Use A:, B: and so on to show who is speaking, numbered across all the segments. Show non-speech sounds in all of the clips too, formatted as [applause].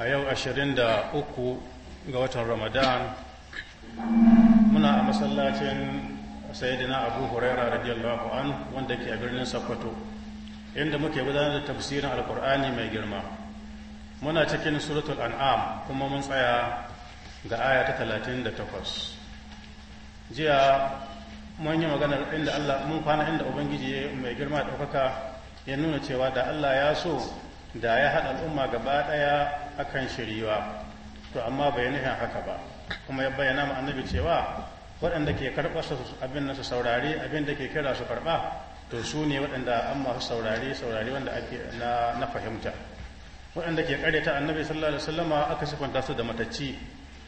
A: a yau 23 ga watan ramadan muna a masallacin sayidina abu huraira radiyallahu an wanda ke a birnin Sakkwato, inda muke gudanar da tafsirin alkur'ani mai girma muna cikin suratul an'am kuma mun tsaya ga aya ta 38 jiya mun yi maganar inda allah mun kwana inda ubangiji mai girma ɗaukaka ya nuna cewa da allah ya so da ya haɗa al'umma gaba ɗaya akan shiriwa to amma bai nufin haka ba kuma ya bayyana mu annabi cewa waɗanda ke karɓar su abin nan su saurari abin da ke kira su karɓa to su ne waɗanda an masu saurari saurari wanda ake na fahimta waɗanda ke ta annabi sallallahu alaihi wasallama aka sifanta su da matacci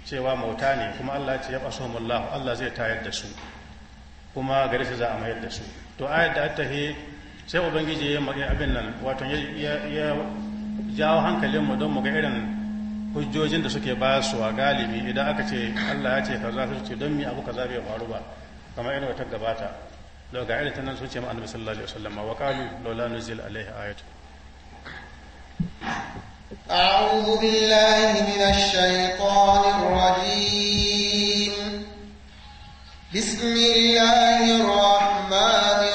A: cewa mauta ne kuma Allah ce ya basahumullah Allah zai tayar da su kuma gari su za a mayar da su to ayat da ta sai ubangiji ya maka abin nan wato ya jawo hankalin mu don mu ga irin hujjojin da suke ba su a galibi idan aka ce Allah ya ce kaza su ce don mi abu kaza bai faru ba kamar irin wata gabata daga ga irin tanan su ce ma annabi sallallahu alaihi wasallam wa qalu lawla nuzil alaihi ayatu
B: أعوذ بالله من الشيطان الرجيم بسم الله الرحمن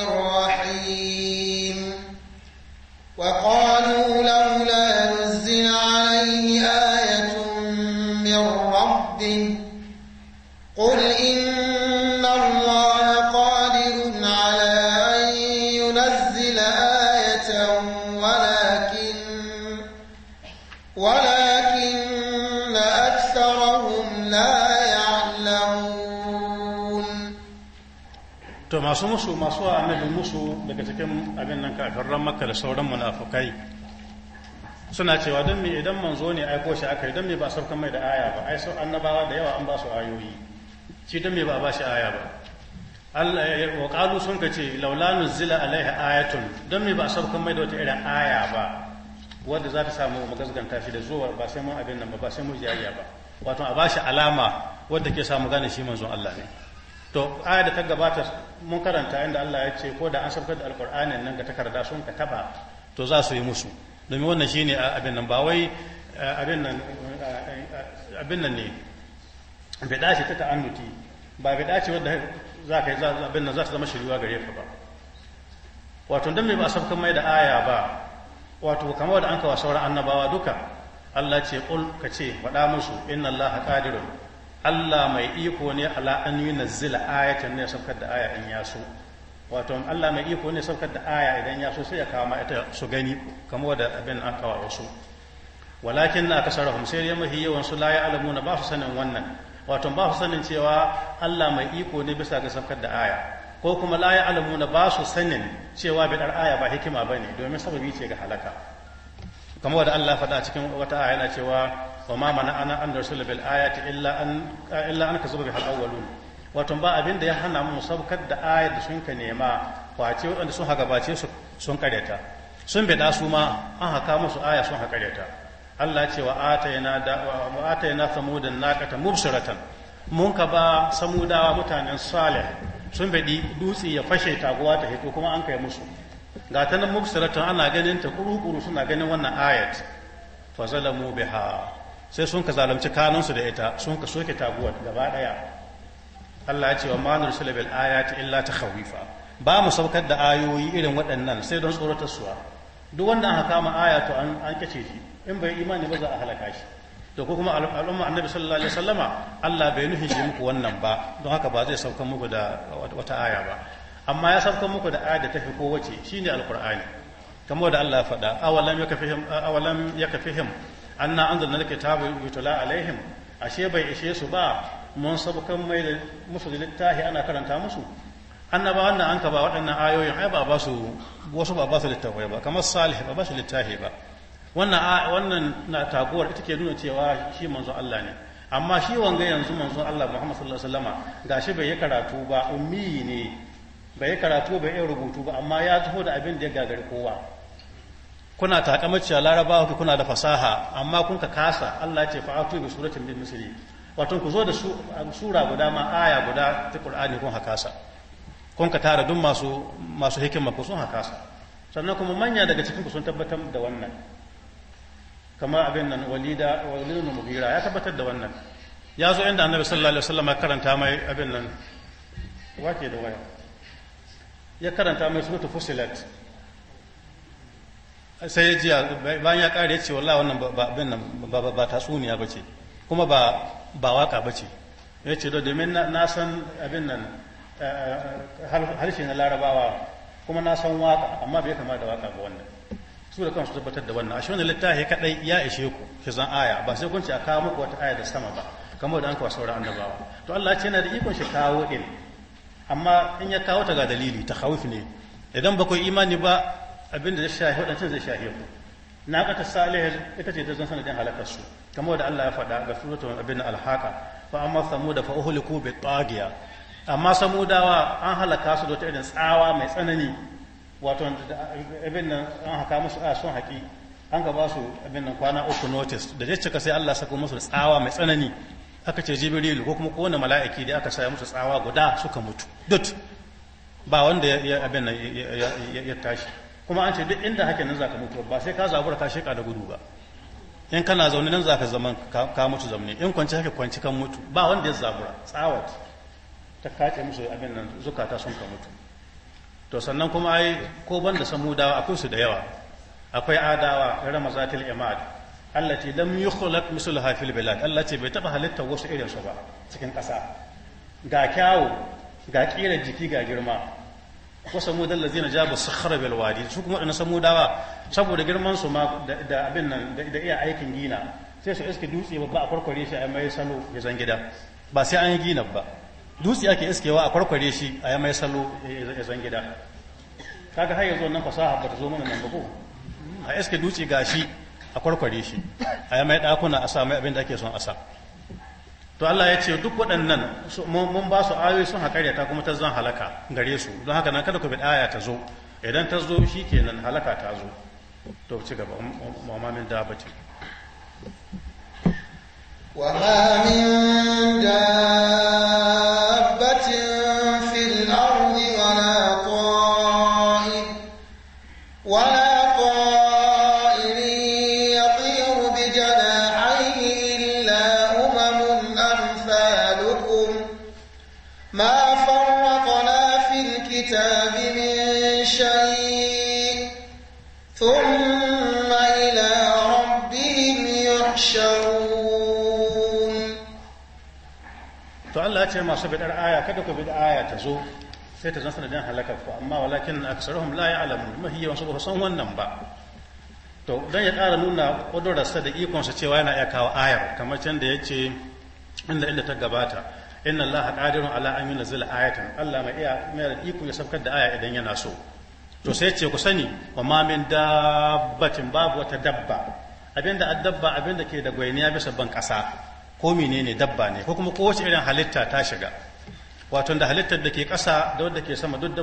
A: masu musu masu annabin musu daga cikin abin nan ran makka da sauran munafukai suna cewa don me idan manzo ne aiko shi aka yi don me ba sauka mai da aya ba ai annabawa da yawa an ba su ayoyi shi don me ba ba shi aya ba Allah ya wa qalu sun ka ce laula nuzila alaiha ayatun don me ba sauka mai da wata irin aya ba wanda za ta samu magazganta shi da zuwa ba sai mun abin nan ba ba sai mun jiyayya ba wato a ba shi alama wadda ke samu gane shi manzon Allah ne to aya da ta gabata mun karanta inda Allah ya ce ko da an sabkar da alqur'anin nan ga takarda sun ka taba to za su yi musu domin wannan shine abin nan ba wai abin nan abin nan ne bida ce ta ta'annuti ba bida ce wadda za ka yi abin nan za ta zama shiriwa gare ka ba wato dan me ba sabkan mai da aya ba wato kamar da an kawo sauran annabawa duka Allah ce kul ka ce faɗa musu inna Allah qadirun Allah mai iko ne ala an yi yunazzila ayatan ne saukar da aya in ya so wato Allah mai iko ne saukar da aya idan ya so sai ya kawo ita su gani kamar da abin an kawo wasu walakin na kasarahum sai ya mahi yawan su la na ba su sanin wannan wato ba su sanin cewa Allah mai iko ne bisa ga saukar da aya ko kuma la na ba su sanin cewa bidar aya ba hikima bane domin sababi ce ga halaka kamar da Allah faɗa cikin wata aya yana cewa wa ma mana ana an narsula bil ayati illa an illa an kazuba bihal awwalun wato ba abinda da ya hana mu saukar da ayar da sun ka nema kwace waɗanda sun haka bace su sun kareta sun da su ma an haka musu aya sun haka kareta Allah ce wa atayna da wa atayna samudan naqata mubsiratan mun ka ba samudawa mutanen salih sun bidi dutse ya fashe taguwa ta hito kuma an kai musu ga ta nan ana ganin ta kuru-kuru suna ganin wannan ayat fa zalamu biha sai sun ka zalunci kanunsu da ita sun ka soke taguwar gaba daya Allah ya ce wa manur silabil ayati illa takhawifa ba mu saukar da ayoyi irin waɗannan sai don tsoratar suwa duk wanda aka kama aya to an an kace shi in bai imani ba za a halaka shi to ko kuma al'umma annabi sallallahu alaihi wasallama Allah bai nuhi shi muku wannan ba don haka ba zai saukar muku da wata aya ba amma ya saukar muku da aya da tafi ko wace shine alqur'ani kamar da Allah ya faɗa awalam yakafihim awalam yakafihim anna anzalna alkitaba yutla alaihim ashe bai ishe su ba mun sabukan mai da musu littafi ana karanta musu annaba wannan an ka ba waɗannan ayoyin ai ba ba su wasu ba ba su littafi ba kamar salih ba ba su littafi ba wannan wannan na taguwar ita ke nuna cewa shi manzon Allah ne amma shi wanga yanzu manzon Allah Muhammad sallallahu alaihi wasallama gashi bai yi karatu ba ummi ne bai yi karatu bai yi rubutu ba amma ya taho da abin da ya gagari kowa kuna a larabawa ku kuna da fasaha amma kun ka kasa Allah ya ce fa'atu bi suratin bin misri wato ku zo da um, sura guda ma aya guda ta Qur'ani kun hakasa kun ka tara duk masu masu hikima ku sun hakasa sannan kuma manya daga cikin ku sun tabbatar da wannan kamar abin nan walida walidun mugira ya tabbatar da wannan ya zo inda annabi sallallahu alaihi wasallam karanta mai abin nan wake da waya ya karanta mai suratul fusilat sai ya jiya bayan ya kare ya ce wallahi wannan ba nan ba tatsuniya ba ce kuma ba ba waka ba ce ya ce da domin na san abin nan eh, harshe na larabawa kuma na san waka amma bai kama da waka ba wannan su da kansu tabbatar da wannan shi wannan littafi kadai ya ishe ku shi zan aya ba sai kun ce a kawo muku wata aya da sama ba kamar da an kawo sauran annabawa to Allah ce yana da ikon shi kawo din amma in ya kawo ta ga dalili ta ne idan ba ku imani ba abinda zai shahi waɗancan zai shahi ku na ƙata salihar ita ce ta zan sanadin halakar su kamar da Allah ya faɗa ga suratun abin alhaka fa amma samuda fa uhliku bai tagiya amma samu dawa an halaka su da irin tsawa mai tsanani wato abin nan an haka musu a sun haƙi an ka ba su abin nan kwana uku notice da zai cika sai Allah sako musu tsawa mai tsanani aka ce jibrilu ko kuma kowane mala'iki da aka saya musu tsawa guda suka mutu dut ba wanda ya abin nan ya tashi kuma an ce duk inda hake nan za ka mutu ba sai ka zabura ka sheka da gudu ba in kana zaune nan za ka zaman ka mutu zamne in kwanci hake kwanci kan mutu ba wanda ya zabura tsawat ta kace musu abin nan zukata sun ka mutu to sannan kuma ai ko banda samudawa akwai su da yawa akwai adawa irin mazatil imad allati lam yukhlaq mislaha fil bilad allati bai taba halitta wasu irin su ba cikin ƙasa ga kyawu ga kira jiki ga girma wa samuda zina jabu sakhara bil wadi su kuma samu dawa saboda girman su ma da abin nan da iya aikin gina sai su iske dutse babba a kwarkware shi a mai salo ya zan gida ba sai an yi gina ba dutse ake iskewa a kwarkware shi a mai salo ya zan gida kaga har yanzu wannan fasaha ba ta zo mana nan ba ko a iske dutse gashi a kwarkware shi a mai dakuna a sa mai abin da ake son a sa to Allah ya ce duk waɗannan mun ba su ayoyi sun haƙarya ta kuma ta zan halaka gare su don haka na kada ku bi aya ta zo idan ta zo shi kenan halaka ta zo to ci gaba wa min ce. wa ma min
B: dabatin
A: ce masu bidar aya kada ku bidar aya ta zo sai ta zan sanadin halakar ku amma walakin aksaruhum la ya'lamun mahiyawan su ba san wannan ba to dan ya ƙara nuna ƙudurarsa da ikon ikonsa cewa yana iya kawo ayar kamar can da yace inda inda ta gabata inna allaha qadirun ala an yunzila ayatan Allah mai iya mai da iko ya sabkar da aya idan yana so to sai ce ku sani wa ma min dabbatin babu wata dabba abinda addabba abinda ke da gwainiya bisa ban kasa ko menene dabba ne ko kuma kowace irin halitta ta shiga wato da halittar da ke ƙasa da wadda ke sama duk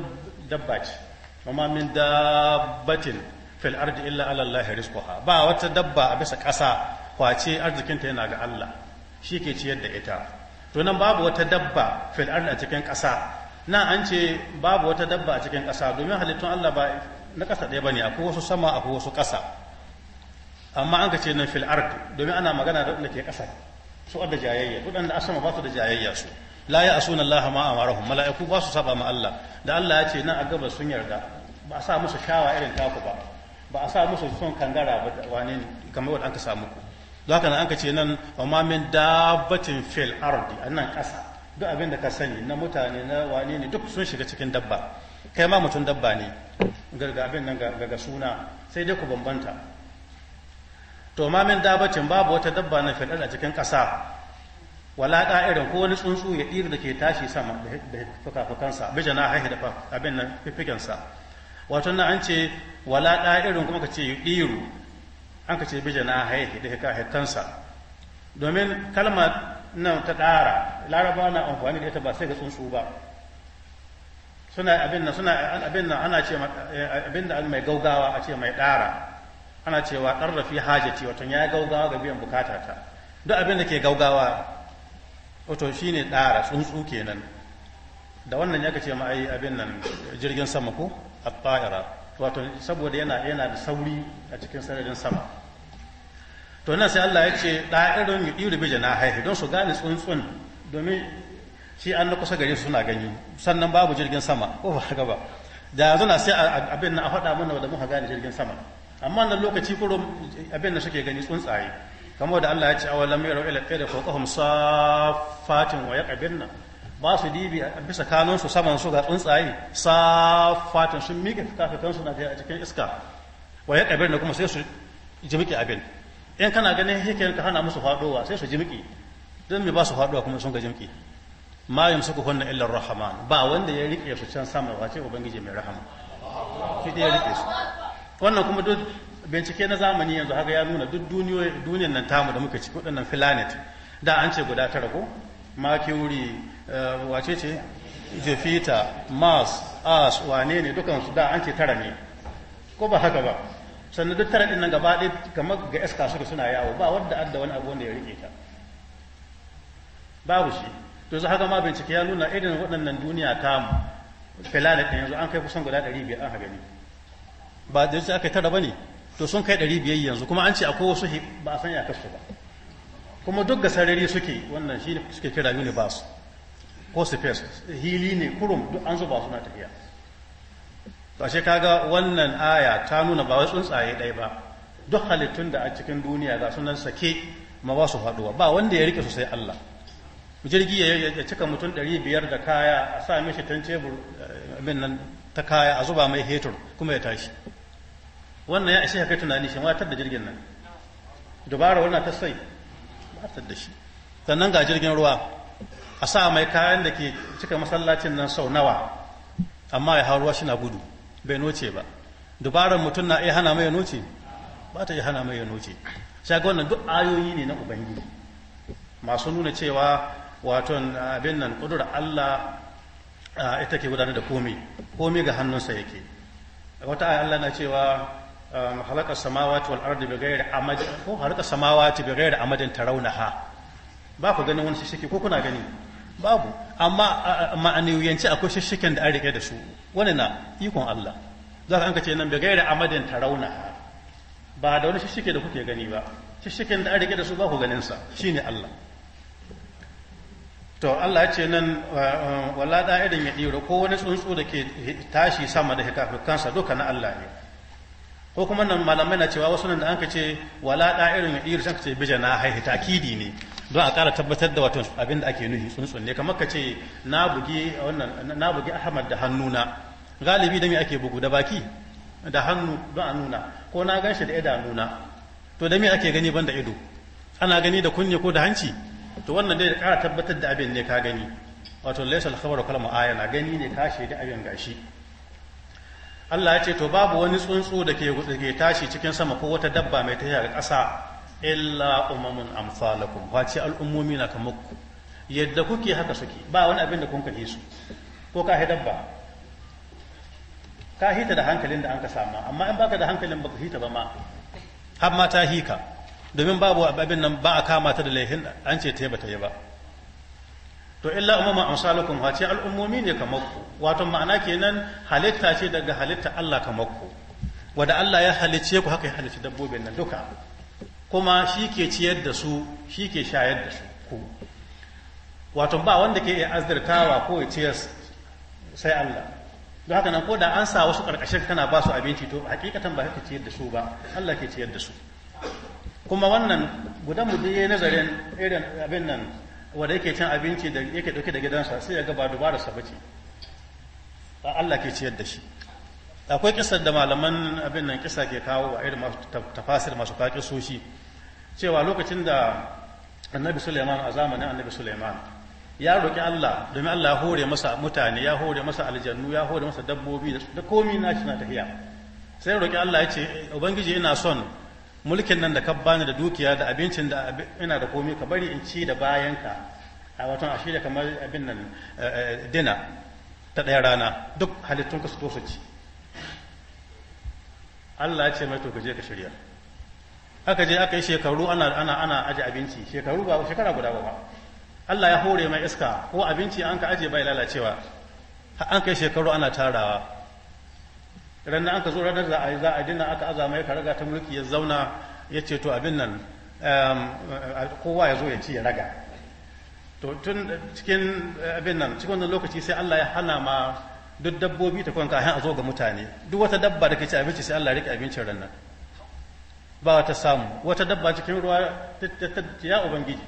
A: dabba ce amma min dabbatin fil ardi illa ala Allah rizquha ba wata dabba a bisa ƙasa kwace arzikinta yana ga Allah shi ke ciyar da ita to nan babu wata dabba fil ardi a cikin ƙasa na an ce babu wata dabba a cikin ƙasa domin halittun Allah ba na ƙasa ɗaya bane akwai wasu sama akwai wasu ƙasa amma an ka ce nan fil ardi domin ana magana da wanda ke ƙasa su da jayayya waɗanda asama ba su da jayayya su la ya asuna Allah ma amarahum mala'iku ba su saba ma Allah da Allah ya ce nan a gaba sun yarda ba a sa musu shawa irin taku ba ba a sa musu son kangara ba wane kamar wanda anka samu ku don haka an anka ce nan wa ma min dabbatin fil ardi annan kasa duk abin da ka sani na mutane na wane ne duk sun shiga cikin dabba kai ma mutum dabba ne ga abin nan ga suna sai dai ku bambanta to ma min dabacin babu wata dabba na fil'ar a cikin ƙasa wala ɗa'irin ko wani tsuntsu ya ɗiri da ke tashi sama da fuka-fukansa bija na haihu da abin nan fifikinsa. wato na an ce wala ɗa'irin kuma ka ce ya ɗiru an ka ce bija na haihu da hikahikansa domin kalmar nan ta ɗara laraba na amfani da ita ba sai ga tsuntsu ba suna abin nan suna abin nan ana ce eh, abin da mai gaugawa a ce mai ɗara ana cewa ɗan rafi hajati wato ya gaugawa ga biyan bukata ta duk abin da ke gaugawa wato shine ɗara tsuntsu kenan da wannan ya kace ma ai abin nan jirgin sama ko at-ta'ira wato saboda yana yana da sauri a cikin sararin sama to nan sai Allah ya ce da'irun yudiru na haifi don su gane tsuntsun domin shi an na kusa gare suna gani sannan babu jirgin sama ko ba haka ba da yanzu na sai abin nan a faɗa mana da muka gane jirgin sama amma nan lokaci kurum abin da suke gani tsuntsaye kamar da Allah ya ce awalam yaro ila qad fawqahum safatin wa yaqbinna ba su dibi bisa kanun su saman su ga tsuntsaye safatin sun miƙe fikafikan su na a cikin iska wa yaqbinna kuma sai su jimiki abin in kana ganin hikayen ka hana musu fadowa sai su jimiki don me ba su fadowa kuma sun ga jimiki ma yamsaku hunna illa rahman ba wanda ya rike su can sama wace ubangiji mai rahama
B: shi ya rike su
A: wannan kuma duk bincike na zamani yanzu haka ya nuna duk duniyar nan tamu da muka ci waɗannan filanet da an ce guda tara ko wuri eh, wace ce jefita mars as wane ne dukansu da an ce tara ne ko ba haka ba sannan duk tara ɗin nan gaba ɗaya kamar ga iska suka suna yawo ba wadda adda wani abu wanda ya rike ta babu shi to su haka ma bincike ya nuna irin waɗannan duniya tamu filanet ɗin yanzu an kai kusan guda ɗari biyar an ha gani ba da yanzu aka yi tara ba ne? to sun kai ɗari biyayya yanzu kuma an ce akwai wasu ba a san ya kasu ba kuma duk ga sarari suke wannan shi suke kira universe ko space hili ne kurum duk an zuba suna tafiya to shi kaga wannan aya ta nuna ba wai tsuntsaye ɗaya ba duk halittun da a cikin duniya ga sunan sake ma ba su faɗuwa ba wanda ya rike su sai Allah jirgi ya cika mutum ɗari biyar da kaya a sa mishi tan cebur eh, abin nan ta kaya a zuba mai hetur kuma ya tashi wannan ya ishe kai tunani shi watar da jirgin nan dubara wannan ta sai watar da shi sannan ga jirgin ruwa a sa mai kayan da ke cika masallacin nan sau nawa amma ya hau ruwa shi na gudu bai noce ba dubaran mutum na iya hana mai ya noce ba ta iya hana mai ya noce shaga wannan duk ayoyi ne na ubangiji masu nuna cewa waton abin nan ƙudurar allah ita ke gudanar da komai komi ga hannunsa yake wata aya Allah na cewa um, halaka samawati wal ardi bi ghairi amad ko halaka samawati bi ghairi amadin tarawnaha ba ku ganin wani shishike ko kuna gani babu amma ma'aniyoyanci akwai shishiken da an rike da su wani na ikon Allah za ka an kace nan bi ghairi amadin tarawnaha ba da wani shishike da kuke gani ba shishiken da an rike da su ba ku ganin sa shine Allah to Allah ya ce nan wala da irin ya dira ko wani tsuntsu da ke tashi sama da kansa duka na Allah ne ko kuma nan malamai na cewa wasu nan da anka ce wala da irin ya diro sanka ce bija na haihi kidi ne don a ƙara tabbatar da wato abin da ake nuhi tsuntsu ne kamar ka ce na bugi wannan na bugi Ahmad da hannuna galibi da me ake bugu da baki da hannu don a nuna ko na ganshi da idanuna to da me ake gani ban da ido ana gani da kunne ko da hanci to wannan dai ƙara tabbatar da abin ne ka gani wato laysa al-khabaru kal ayana gani ne ka shaidi abin gashi Allah ya ce to babu wani tsuntsu da ke tashi cikin sama ko wata dabba mai tafiya ga ƙasa illa umamun amsalakum face al'ummomi na kamar ku yadda kuke haka suke ba wani abin da kun kaje su ko ka hi dabba ka hita da hankalin da an ka sama amma in baka da hankalin baka hita ba ma har ma ta hika domin babu abin nan ba a kama ta da laifin an ce ta yi bata yi ba to illa umma amsalukum wa ce al'ummomi ne kamar ku wato ma'ana kenan halitta ce daga halitta Allah kamar ku wanda Allah ya halicce ku haka ya halicci dabbobin nan duka kuma shi ke ciyar da su shi ke shayar da su ku wato ba wanda ke iya azdirtawa ko ya ciyar sai Allah don haka nan ko da an sa wasu karkashin kana ba su abinci to hakikatan ba haka ciyar da su ba Allah ke ciyar da su kuma wannan gudan mu biye nazarin irin abin nan wanda yake cin abinci da yake dauke da gidansa sai ya ga ba dubara sa bace Allah ke ciyar da shi akwai kisar da malaman abin nan kisa ke kawo a irin masu tafasir masu kaƙi soshi cewa lokacin da annabi suleiman a zamanin annabi suleiman ya roƙi Allah domin Allah ya hore masa mutane ya hore masa aljannu ya hore masa dabbobi da komi na shi na tafiya sai roƙi Allah ya ce ubangiji ina son mulkin nan da ka bani da dukiya da abincin da ina da komai ka bari in ci da bayanka a watan a shirya kamar abin nan eh, eh, dina ta ɗaya rana duk halittun ka su to su ci Allah ya ce mai to ka je ka shirya aka je aka yi shekaru ana ana ana aje abinci shekaru ba shekara guda ba Allah ya hore mai iska ko abinci an ka aje bai lalacewa an kai shekaru ana tarawa ran an ka zo ranar za a yi za a dina aka azama ya raga ta mulki ya zauna ya ce to abin nan um, kowa ya zo ya ci ya raga to tun cikin eh, abin nan cikin wannan lokaci sai Allah ya hana ma duk dabbobi ta kwanka a zo ga mutane duk wata dabba da ke ci abinci sai Allah ya rike abincin ran nan ba wata samu wata dabba cikin ruwa ya ubangiji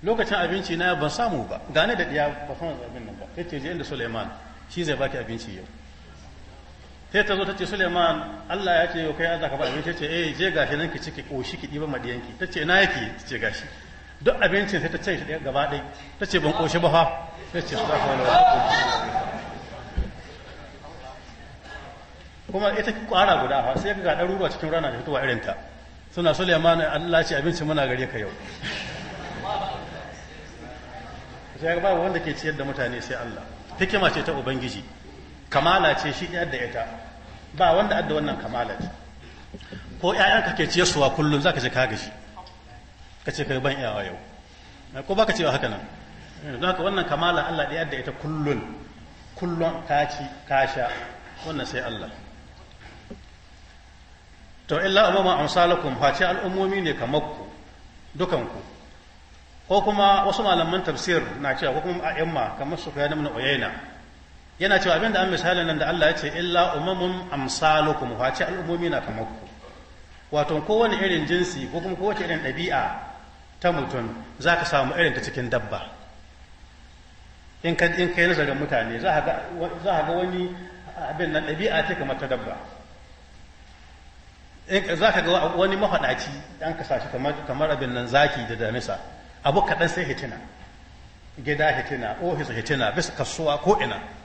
A: lokacin abinci na ban samu ba gane da diya ba san abin nan ba yace je inda Suleiman shi zai baki abinci yau sai ta zo ta ce Suleiman Allah ya ce yau kai azaka ba abinci ce eh je gashi nan ki ki koshi ki diba madiyanki ta ce na yake ta ce gashi duk abincin sai ta ce ta gaba ɗai ta ce ban koshi ba fa ta ce subhanahu wa ce. kuma ita kwara guda fa sai ka ga ɗaruruwa cikin rana da fitowa irin ta suna Suleiman Allah ce abinci muna gare ka yau sai ga ba wanda ke ciyar da mutane sai Allah hikima ce ta ubangiji kamala ce shi da ita ba wanda adda wannan kamala ce ko ƴaƴanka ke ciye suwa kullum zaka ce ka gashi ka ce kai ban iyawa yau ko baka cewa haka nan don haka wannan kamala Allah da yadda ita kullun kullun ka ci ka sha wannan sai Allah to illa umama amsalakum face al'ummomi ne kamar ku dukanku ko kuma wasu malaman tafsir na cewa ko kuma a'imma kamar su kayan ibn uyayna yana cewa abinda an misalin nan da Allah ya ce illa umamun amsalukum ce al'ummomi na kamar ku wato kowane irin jinsi ko kuma kowace irin ɗabi'a ta mutum za ka samu irin ta cikin dabba in ka in kai nazarin mutane za ka ga wani abin nan ɗabi'a ce kamar ta dabba za ka ga wani mafaɗaci an ka sashi kamar abin nan zaki da damisa abu kaɗan sai hitina gida hitina ofis hitina bisa kasuwa ko ina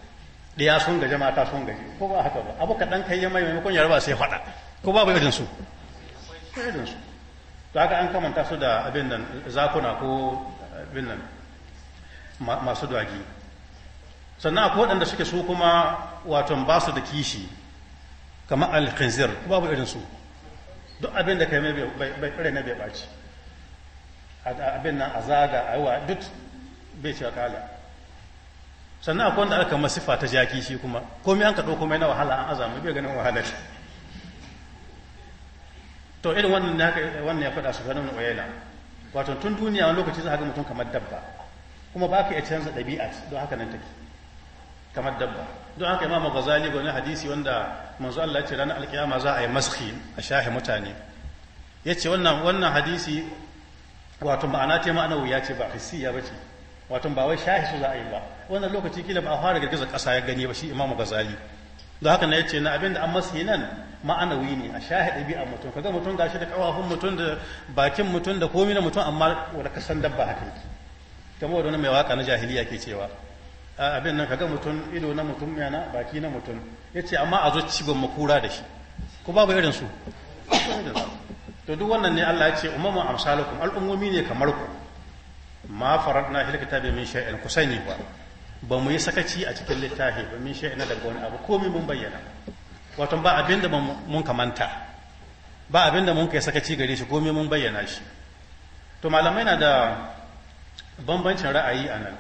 A: ya sun gaje mata sun gaje ko ba haka ba abu ka dan kai ya mai maimakon ya raba sai faɗa ko ba bai su irin su to haka an kamanta su da abin nan zakuna ko abin nan masu dagi sannan akwai waɗanda suke su kuma waton ba su da kishi kamar alkhinzir babu irin su duk abin da kai mai bai ɓare na bai ɓaci abin nan a zaga a wa duk bai cika kala sannan akwai wanda aka masifa ta jaki shi kuma komai an ka ɗauko mai na wahala an azama bai ganin wahala to irin wannan haka wannan ya faɗa su ganin oyela wato tun duniya wani lokaci za ka ga mutum kamar dabba kuma ba ka iya canza ɗabi'a don haka nan take kamar dabba don haka imamu ghazali ga wani hadisi wanda manzo Allah ya ce ranar alkiyama za a yi maski a shahi mutane ya ce wannan hadisi wato ma'ana ce ma'ana wuya ce ba hissiya ba ce wato ba wai shahi su za a yi ba wannan lokaci kila ba a fara girgiza ƙasa ya gani ba shi imamu gazali don haka na yace na abin da an masa nan ma'anawi ne a shahi ɗabi a mutum kaga mutum gashi da kawafin mutum da bakin mutum da komi na mutum amma wanda ka san dabba haka yake kamar wanda mai waka na jahiliya ke cewa abin nan kaga mutum ido na mutum yana baki na mutum yace amma a zo ci ban makura da shi ko babu irin su to duk wannan ne Allah ya ce umamun amsalukum al'ummomi ne kamar ku ma faradna fil kitabi min shay'in kusani ba ba mu yi sakaci a cikin littafi ba min shay'in daga wani abu komai mun bayyana wato ba abinda mun kamanta ba abinda mun kai sakaci gare shi komai mun bayyana shi to malamai na da bambancin ra'ayi a nan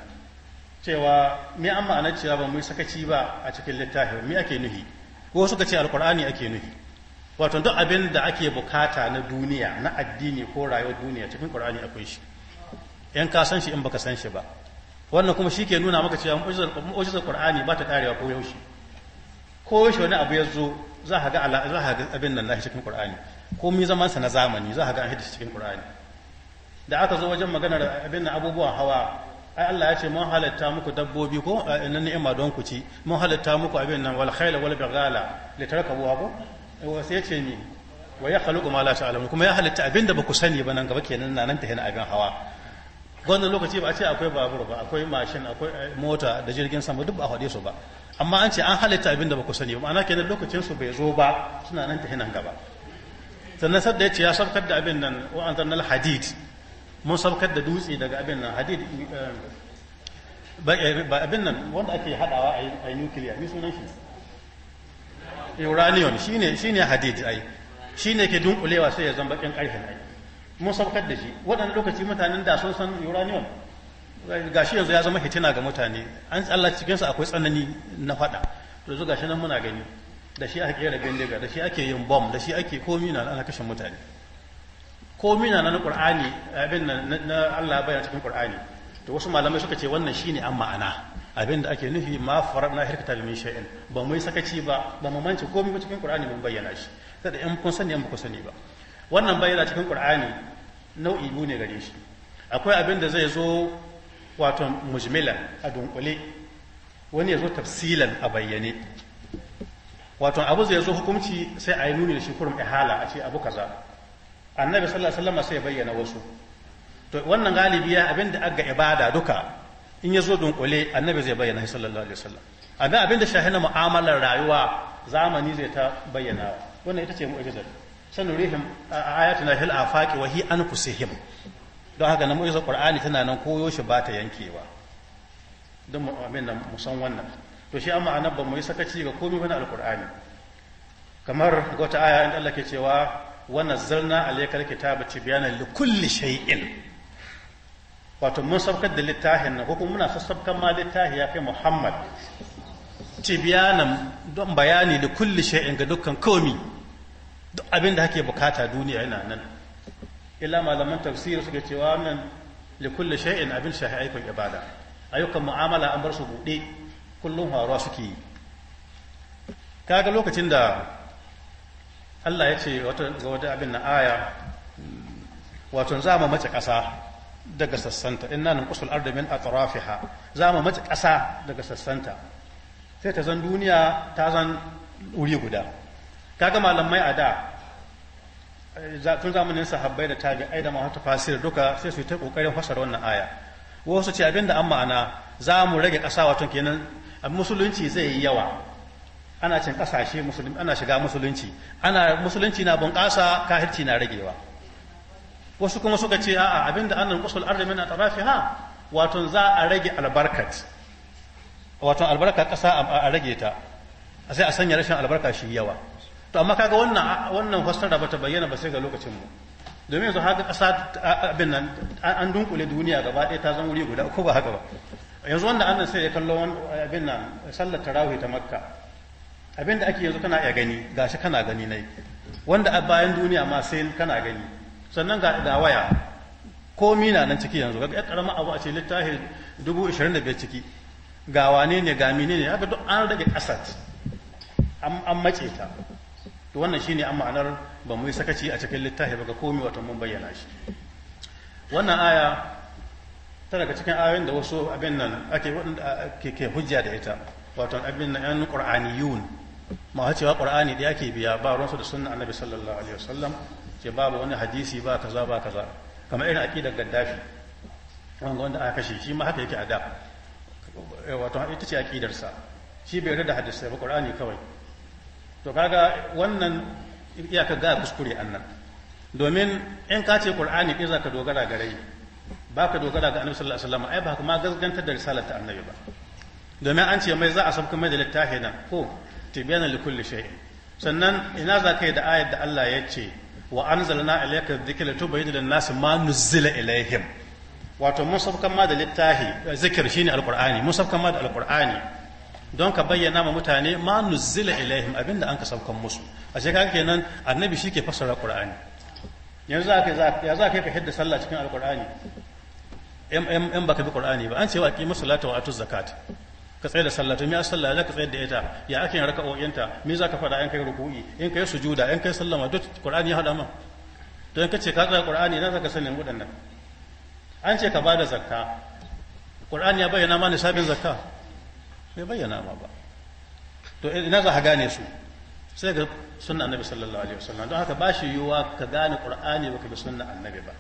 A: cewa me an ma'ana cewa ba mu yi sakaci ba a cikin littafi me ake nuhi ko suka ce alqur'ani ake nuhi wato duk abin da ake bukata na duniya na addini ko rayuwar duniya cikin qur'ani akwai shi yan ka san shi in baka san shi ba wannan kuma shi ke nuna maka cewa mu'jizar qur'ani ba ta karewa ko yaushe ko yaushe wani abu ya zo za ka ga za ka ga abin nan lahi cikin qur'ani ko mi zaman sa na zamani za ka ga an cikin qur'ani da aka zo wajen maganar abin nan abubuwan hawa ai Allah ya ce mun halatta muku dabbobi ko eh, nan ni'ima don ku ci mun halatta muku abin nan wal khayla wal bagala li tarkabuha ko sai ya ce ni wa ya khaluqu ma la ta'lamu kuma ya halitta abinda baku sani ba nan gaba kenan na nan ta yana abin hawa wannan lokaci ba a ce akwai babur ba akwai mashin akwai eh, mota da jirgin sama duk ba a su ba amma an ce an halitta abin da ba ku sani ba ma'ana kenan lokacin su bai zo ba suna nan ta hinan gaba sannan sadda ya ce ya sabkar da abin nan wa anzarnal hadid mun sabkar da dutse daga abin nan hadid eh, eh, ba abin nan wanda ake hadawa a nukiliya ni sunan shi uranium shine shine hadid ai shine ke dunkulewa sai ya zama bakin karfin ai mun saukar da shi waɗannan lokaci mutanen da sun san uranium gashi yanzu ya zama hitina ga mutane an tsalla cikin akwai tsanani na faɗa to zo gashi nan muna gani da shi ake da bindiga da shi ake yin bomb da shi ake komi na ana kashe mutane komi na na ƙur'ani abin na Allah bayan cikin Ƙur'ani. to wasu malamai suka ce wannan shine an ma'ana abin da ake nufi ma na hirkata bi min shain ba mu yi sakaci ba ba mu mance komai ba cikin Ƙur'ani mun bayyana shi sai da in kun sani an ba ku sani ba wannan bayyana cikin ƙur'ani nau'i biyu ne gare shi akwai abin da zai zo wato mujmila a dunkule wani ya zo tafsilan a bayyane wato abu zai zo hukunci sai a yi nuni da shi kurum ihala a ce abu kaza annabi sallallahu alaihi wasallam sai bayyana wasu to wannan galibi ya abin da aga ibada duka in ya zo dunkule annabi zai bayyana sallallahu alaihi wasallam abin abin da shahina mu'amalar rayuwa zamani zai ta bayyana wannan ita ce mu'jizar sanurihim ayatina fil afaqi wa hi anfusihim don haka nan mu'jizar qur'ani tana nan koyo shi ba ta yankewa don mu amin nan mu san wannan to shi amma anabba mu yi sakaci ga komai bana alqur'ani kamar wata aya inda Allah ke cewa wa nazzalna alaykal kitaba tibyana li kulli shay'in wato mun sabkar da littafin nan ko kuma muna sassabkan ma littafi ya kai Muhammad tibyana don bayani da kulli shay'in ga dukkan komi duk abin da ake bukata duniya yana nan illa malaman tafsiri suke cewa nan li kulli shay'in abin shahi aikon ibada ayyukan mu'amala an bar su buɗe kullum faruwa suke yi kaga lokacin da Allah ya ce ga wata abin na aya wato za mu mace ƙasa daga sassanta inna nan kusul arda min atrafiha za mu mace ƙasa daga sassanta sai ta zan duniya ta zan wuri guda kaga malamai a da tun zamanin sahabbai da tabi'ai da masu tafasir duka sai su yi ta kokarin fasara wannan aya wasu ce abinda an ma'ana za mu rage ƙasa wato kenan musulunci zai yi yawa ana cin ƙasashe ana shiga musulunci ana musulunci na bunƙasa kafirci na ragewa wasu kuma suka ce a'a abinda annan qusul ardi min atrafiha wato za a rage albarkat wato albarka ƙasa a rage ta sai a sanya rashin albarka shi yawa to amma kaga wannan wannan da bata bayyana ba sai ga lokacin mu domin yanzu haka ƙasa abin nan an dunkule duniya gaba ɗaya ta zan wuri guda ko ba haka ba yanzu wanda annan sai ya kallo abin nan sallar tarawih ta makka abin da ake yanzu kana iya gani gashi kana gani nai wanda a bayan duniya ma sai kana gani sannan ga da waya komi na nan ciki yanzu ga karama abu a ce littafi dubu ashirin da biyar ciki ga wane ne ga mine ne haka duk an rage ƙasar an mace ta to wannan shine an ma'anar ba mu yi sakaci a cikin littafi ba ga komai wato mun bayyana shi wannan aya ta daga cikin ayoyin da wasu abin nan ake ke hujja da ita wato abin nan yan qur'aniyun ma cewa qur'ani da ake biya ba su da sunna annabi sallallahu alaihi wasallam ce babu wani hadisi ba kaza ba kaza kamar irin aqidar gaddafi wanda wanda aka kashe shi ma haka yake a da wato ita ce sa, shi bai yarda da hadisai ba qur'ani kawai to kaga wannan iyaka ga kuskure annan domin in ka ce qur'ani za ka dogara gare ba ka dogara ga annabi sallallahu alaihi wasallam ai ba kuma gazganta da risalar ta annabi ba domin an ce mai za a sabka mai da littafi nan ko tibyana li kulli shay sannan ina za ka yi da ayat da Allah ya ce wa anzalna ilayka dhikra tubayyana lin nasi ma nuzila ilaihim wato mun sabkan ma da littafi zikir shine alqur'ani mun sabkan ma da alqur'ani don ka bayyana ma mutane ma nuzzila ilaihim abinda an ka saukan musu a shekara kenan annabi shi ke fassara qur'ani yanzu za ka ya za ka hidda sallah cikin alqur'ani in baka bi qur'ani ba an ce wa aqimu salata wa atu zakat ka tsaya da sallah to me sallah za ka tsaya da ita ya ake raka'o'inta me za ka fada in kai ruku'i in kai sujuda in kai sallama duk qur'ani ya hada ma to in ka ce ka tsaya qur'ani na za ka sanin wadannan an ce ka bada zakka qur'ani ya bayyana ma nisabin zakka bai bayyana ma ba to eh, ina za ka gane su sai ga sunna annabi sallallahu alaihi wasallam don haka ba shi yiwuwa ka gane qur'ani ka bi sunna annabi ba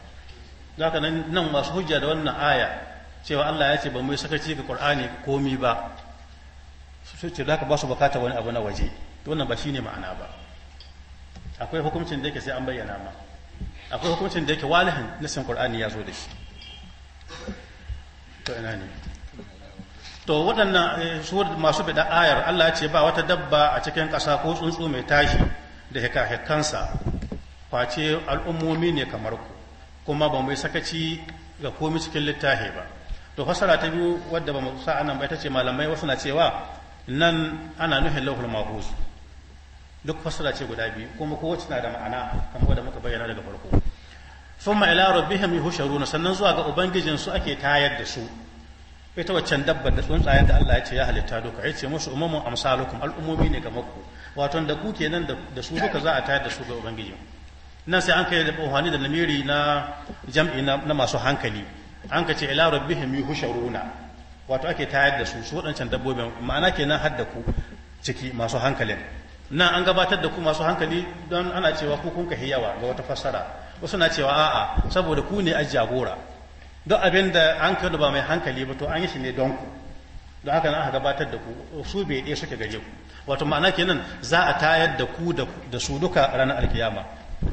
A: don haka nan masu hujja da wannan aya cewa Allah ya ce ba mu yi sakaci ga qur'ani komi ba su ce da ba su bukata wani abu na waje to wannan ba shine ma'ana ba akwai hukuncin da yake sai an bayyana ma akwai hukuncin da yake walihin nasin qur'ani ya zo da shi to ina ne to waɗannan eh, su masu bida ayar Allah ce ba wata dabba a cikin ƙasa ko tsuntsu mai tashi da hekahekansa face al'ummomi ne kamar ku kuma ba mai sakaci ga komi cikin littafi ba to fasara ta biyu wadda ba mu sa anan ba ita ce malamai wasu na cewa nan ana nufin lauhul mahfuz duk fasara ce guda biyu kuma kowace na da ma'ana kamar wadda muka bayyana daga farko thumma ila rabbihim yuhsharuna sannan zuwa ga ubangijin su ake tayar da su ita waccan dabbar da tsuntsayen da Allah ya ce ya halitta duka ya ce musu umamun amsalukum al'umumi ne ga makku wato da ku kenan da su duka za a tayar da su ga ubangiji nan sai an kai da kohani da lamiri na jam'i na masu hankali an ka ce ila rabbihim yuhsharuna wato ake tayar da su su wadancan dabbobin ma'ana kenan har ku ciki masu hankalin nan an gabatar da ku masu hankali don ana cewa ku kun yawa ga wata fassara wasu na cewa a'a saboda ku ne a jagora duk abin da an kada ba mai hankali ba to an yi shi ne don ku don haka na aka gabatar da ku su bai ɗaya suke gare ku wato ma'ana kenan za a tayar da ku da su duka ranar alkiyama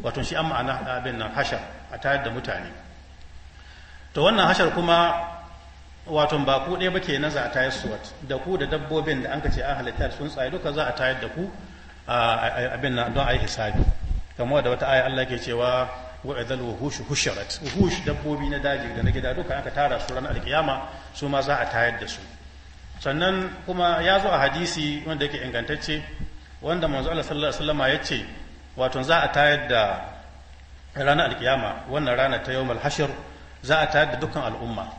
A: wato shi an ma'ana abin nan hashar a tayar da mutane to wannan hashar kuma wato ba ku ɗaya ba ke nan za a tayar su da ku da dabbobin da an ka ce an halitta tsuntsaye duka za a tayar da ku abin nan don a yi hisabi kamar da wata aya Allah ke cewa wa wuhush wuhush dabbobi na daji da na gida duka aka tara su ran alkiyama su ma za a tayar da su sannan kuma ya zo a hadisi wanda yake ingantacce wanda manzo Allah sallallahu alaihi wasallam ya ce wato za a tayar da ranar alkiyama wannan rana ta yawmal hashr za a tayar da dukkan al'umma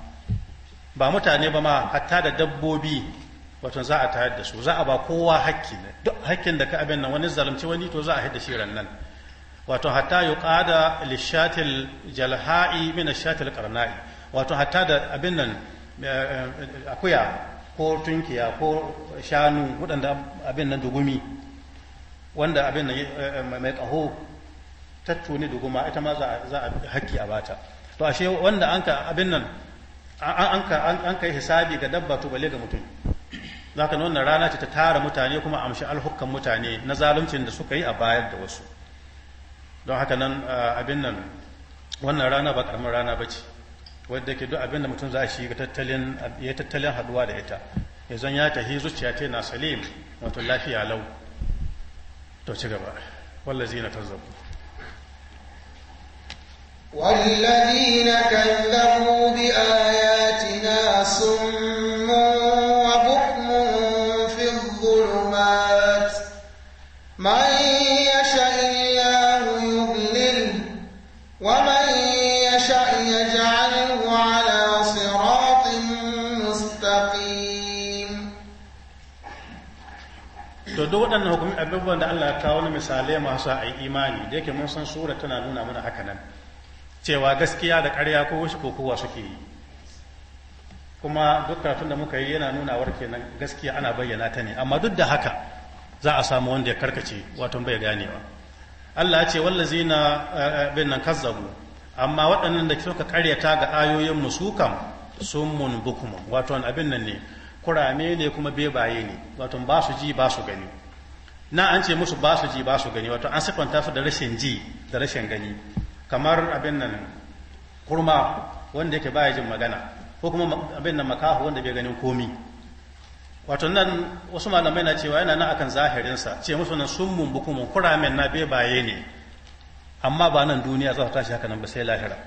A: ba mutane ba ma hatta da dabbobi wato za a tayar da su za a ba kowa hakki duk hakkin da ka abin nan wani zalunci wani to za a haɗa shi ran nan wato hatta yuqada lishatil jalha'i min Lishatil qarna'i wato hatta da abin nan eh, eh, akuya ko tunkiya ko shanu waɗanda abin nan dugumi wanda abin nan eh, mai ƙaho tattuni duguma ita ma za a haƙƙi a bata to ashe wanda an ka abin nan an ka yi hisabi ga dabba to bale ga mutum za ka nuna rana ce ta tara mutane kuma amshi alhukkan mutane na zaluncin da suka yi a bayar da wasu don haka nan abin nan wannan rana ba karamin rana ba ce wadda ke duk abin da mutum za a shi tattalin ya tattalin haduwa da ita ya zan ya tahi zuciya ta na salim wato lafiya lau to ci gaba wallazi na kazzabu والذين
B: كذبوا بآياتنا صم
A: duk waɗannan hukumin abubuwan da Allah ya kawo na misalai masu a imani da yake mun san sura tana nuna mana haka nan cewa gaskiya da ƙarya ko wasu ko kowa suke yi kuma duk karatun da muka yi yana nuna war kenan gaskiya ana bayyana ta ne amma duk da haka za a samu wanda ya karkace wato bai ganewa Allah ya ce wallazina eh, eh, bin nan kazzabu amma waɗannan da suka karyata ga ayoyin mu su kam summun bukum wato abin nan ne kurame ne kuma bebaye ne wato ba su ji ba su gani na an ce musu ba su ji ba su gani wato an siffanta su da rashin ji da rashin gani kamar abin nan kurma wanda yake baya jin magana ko kuma abin nan makahu wanda bai ganin komi wato nan wasu malamai na cewa yana nan akan zahirinsa ce musu nan sun mun kuramen na bai baye ne amma ba nan duniya za ta tashi haka nan ba sai lahira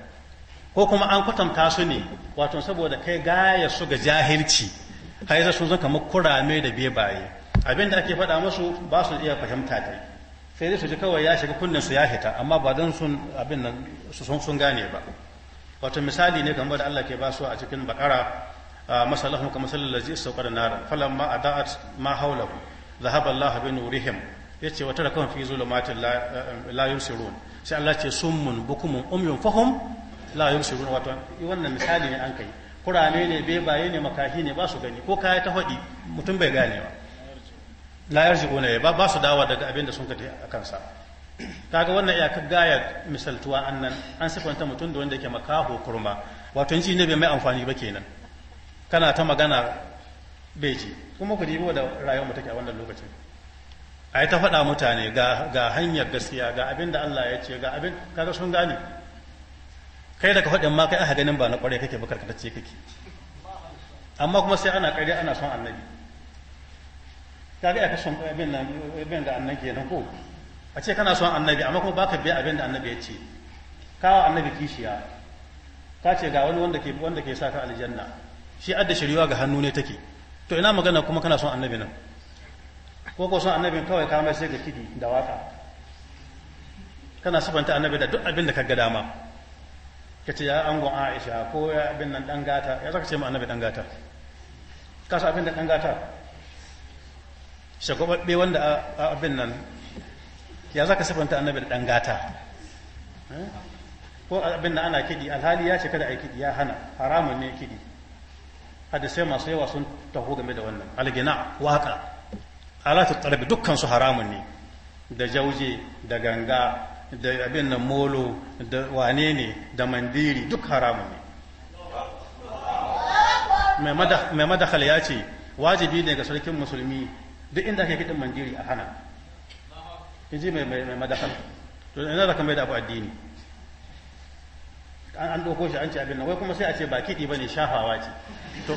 A: ko kuma an kwatanta su ne wato saboda kai gaya su ga jahilci har sun zan kamar kurame da bai baye abin da ake faɗa musu ba su iya fahimta ta sai dai su ji kawai ya shiga kunnen su ya hita amma ba don sun abin nan su sun gane ba wato misali ne kamar da Allah ke ba su a cikin bakara masalahum kama da alaihi wasallam nara falamma ada'at ma haulahu zahaba Allah bi nurihim yace wa tarakahum fi zulumatin la yusirun sai Allah ce summun bukumun umyun fahum la yusirun wato wannan misali ne an kai kurame ne bebaye ne makahi ne ba su gani ko kaya ta faɗi mutum bai gane ba. la yarji'una ba ba su dawa daga abin da sun kati a kansa kaga wannan iyakar gaya misaltuwa nan an sifanta mutum da wanda yake makaho kurma wato ji ne bai mai amfani ba kenan kana ta magana bai ji kuma ku dibo da rayuwar mu take a wannan lokacin a ta faɗa mutane ga hanyar gaskiya ga abin da Allah ya ce ga abin kaga sun gane kai daga faɗin ma kai aka ganin ba na kware kake ba karkatacce kake amma kuma sai ana ƙarya ana son annabi kaga ya kashe abin nan abin da annabi ya ko a ce kana son annabi amma kuma baka biya abin da annabi ya ce kawo annabi kishiya ka ce ga wani wanda ke wanda ke saka aljanna shi adda shiriwa ga hannu ne take to ina magana kuma kana son annabi nan ko ko son annabi kawai ka mai sai ga kidi da waka kana sabanta annabi da duk abin da ka ga dama ka ce ya angon Aisha ko ya abin nan dan gata ya zaka ce ma annabi dan gata ka abin da dan gata shagwababbe wanda abin nan ya za ka sifanta annabi da gata eh? ko abin da ana kiɗi alhali ya ce kada a yi kidi ya hana haramun ne kidi. hadisai masu yawa sun taho game da wannan algina waƙa alatu ɗarbi dukkan haramun ne da jauje da ganga da abin nan molo da wane ne da mandiri duk haramun ne mai madakal ya ce wajibi ne ga sarkin musulmi duk inda ake kiɗin manjiri a hana in ji mai madafan to ina za ka mai da abu addini an ɗauko shi an ce abin nan wai kuma sai a ce ba kiɗi ba ne shafawa ce to